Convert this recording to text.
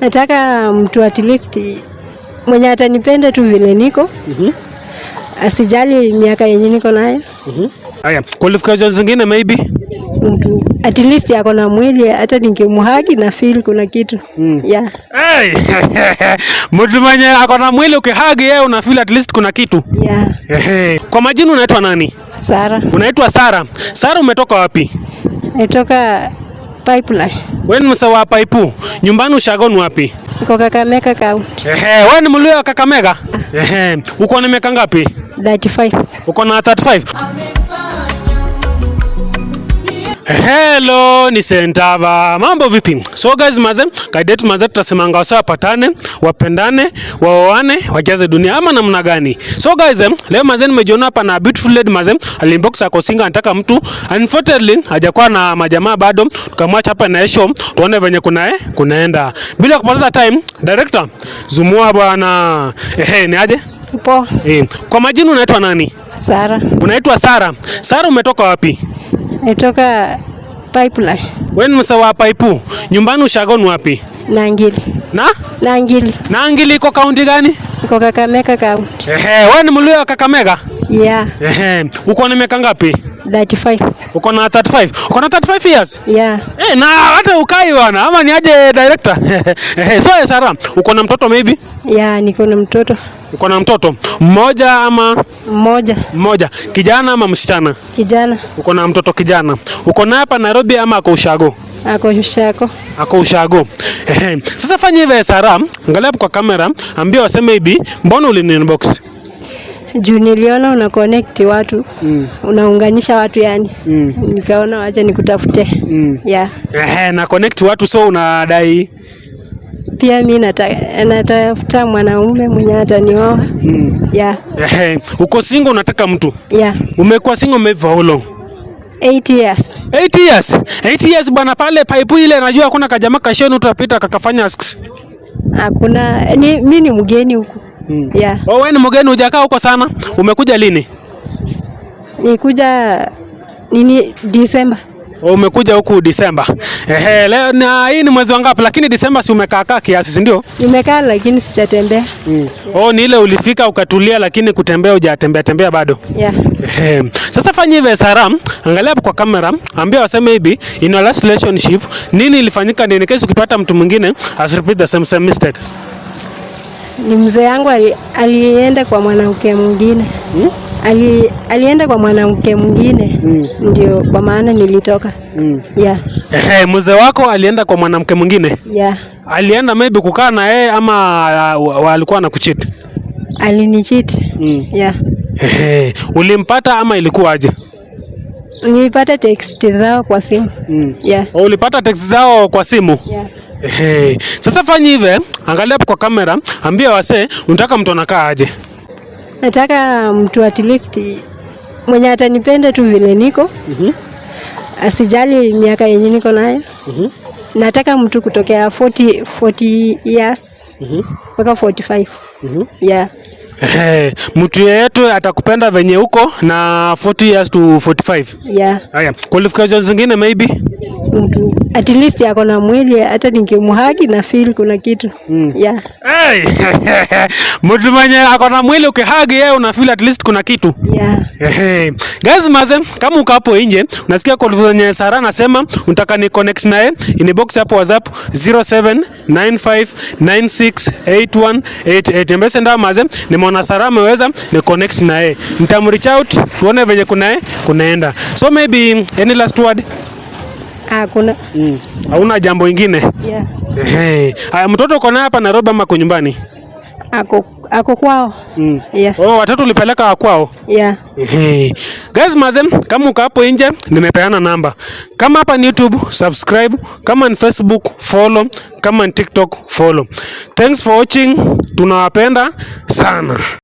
Nataka mtu at least mwenye atanipenda tu vile niko mm -hmm. Asijali miaka yenye niko nayo mm -hmm. Haya, qualifications zingine maybe mtu at least yako na mwili, hata nikimhagi na feel kuna kitu mm. yeah. Hey, mtu mwenye ako na mwili ukihagi yeye eh, una feel at least kuna kitu yeah. Kwa majina unaitwa nani? Sara. Unaitwa Sara. Sara, umetoka wapi? Natoka Pipeline. Wewe msa wa paipu. Nyumbani ushagonu wapi? Uko Kakamega kaunti. Ehe, wewe ni mlio wa Kakamega? Ehe. Uko na miaka ngapi? 35. Uko na 35? Hello, ni Sentava. Mambo vipi? So guys, maze kaida yetu maze, tutasemanga wasa wapatane, wapendane, waoane, wajaze dunia ama namna gani? So guys, leo maze nimejiona hapa na beautiful lady maze, alinbox ako singa anataka mtu. Unfortunately, hajakuwa na majamaa bado. Tukamwacha hapa na esho, tuone venye kuna eh, kunaenda. Bila kupoteza time, director, zumua bwana. Ehe, ni aje? Upo. Eh, kwa majina unaitwa nani? Sara. Unaitwa Sara. Sara, umetoka wapi? Nitoka pipeline. Wewe msa wa pipe. Nyumbani ushagonu wapi? Nangili. Na? Nangili. Nangili iko kaunti gani? Iko Kakamega kaunti. Ehe, wewe ni mlio wa Kakamega? Yeah. Ehe. Uko na miaka ngapi? 35. Uko na 35? Uko na 35 years? Yeah. Eh, na hata ukai bwana ama ni aje director? Eh, so Sara, uko na mtoto maybe? Yeah, niko na mtoto. Uko na mtoto mmoja ama mmoja? Mmoja. Kijana ama msichana? Kijana. Uko na mtoto kijana. Uko na hapa Nairobi ama ako ushago? Ako ushago. Ako ushago. Eh, eh. Sasa fanya hivi Sara, angalia kwa kamera, ambia waseme hivi, mbona ulini juu niliona una connect watu mm. unaunganisha watu yani mm. nikaona wacha nikutafute mm. yeah. Eh, na connect watu so unadai pia mi natafuta mwanaume mwenye atanioa mm. yeah. Eh, uko single unataka mtu yeah. umekuwa single umeiva how long? 8 years. 8 years. 8 years bwana, pale pipe ile najua hakuna kajamaa kashenu utapita kakafanya asks. Hakuna, ni, mi ni mgeni huku Mm. Yeah. wewe ni mgeni hujakaa huko sana. Umekuja lini? Nikuja nini Disemba. Oh, umekuja huku Disemba. Ehe, leo na hii ni mwezi wangapi? Lakini Disemba si umekaa kaa kiasi, si ndio? Nimekaa lakini sijatembea. Mm. Yeah. Oh, ni ile ulifika ukatulia lakini kutembea hujatembea tembea bado. Yeah. Ehe. Sasa fanya hivi Saram, angalia hapo kwa kamera, ambia waseme hivi, in a last relationship, nini ilifanyika ndio in case ukipata mtu mwingine as repeat the same, same mistake ni mzee yangu alienda kwa mwanamke mwingine hmm? Ali, alienda kwa mwanamke mwingine hmm. Ndio kwa maana nilitoka mm. yeah. mzee wako alienda kwa mwanamke mwingine yeah. Alienda maybe kukaa na yeye ama uh, alikuwa kuchiti Alinichiti hmm. yeah. ulimpata ama ilikuwaje? Nilipata teksti zao kwa simu mm. yeah. Oh, ulipata teksti zao kwa simu yeah. Hey, sasa fanya hivi, angalia hapo kwa kamera, ambia wasee unataka mtu anakaa aje. Nataka mtu at least mwenye atanipenda tu vile niko mm -hmm. Asijali miaka yenye niko nayo mm -hmm. Nataka mtu kutokea 40 40 years mhm. mpaka mm -hmm. 45 mm -hmm. yeah Hey, eh, mtu yeyote atakupenda venye uko na 40 years to 45. Yeah. Aya. qualifications zingine maybe? Mtu mm-hmm. at least yako na mwili hata ningemuhaki na feel kuna kitu. Mm. Yeah. Hey. Mtu mwenye ako na mwili ukihagi yeye una feel at least kuna kitu. Yeah. Hey. Guys, maze kama uko hapo nje unasikia qualifications zenye Sara anasema unataka ni connect naye in box hapo WhatsApp 0795968188. Mbese ndio maze ni naona Sara ameweza ni connect na yeye, nitam reach out tuone venye kuna yeye kunaenda. So maybe any last word? Ah, kuna mm. hauna jambo ingine yeah. Hey. Mtoto uko naye hapa Nairobi ama kwa nyumbani? ako ako kwao mm. yeah. Oh, watatu ulipeleka kwao yeah. Hey. Guys mazem, kama uko hapo nje nimepeana namba. Kama hapa ni YouTube subscribe, kama ni Facebook follow, kama ni TikTok follow. Thanks for watching, tunawapenda sana.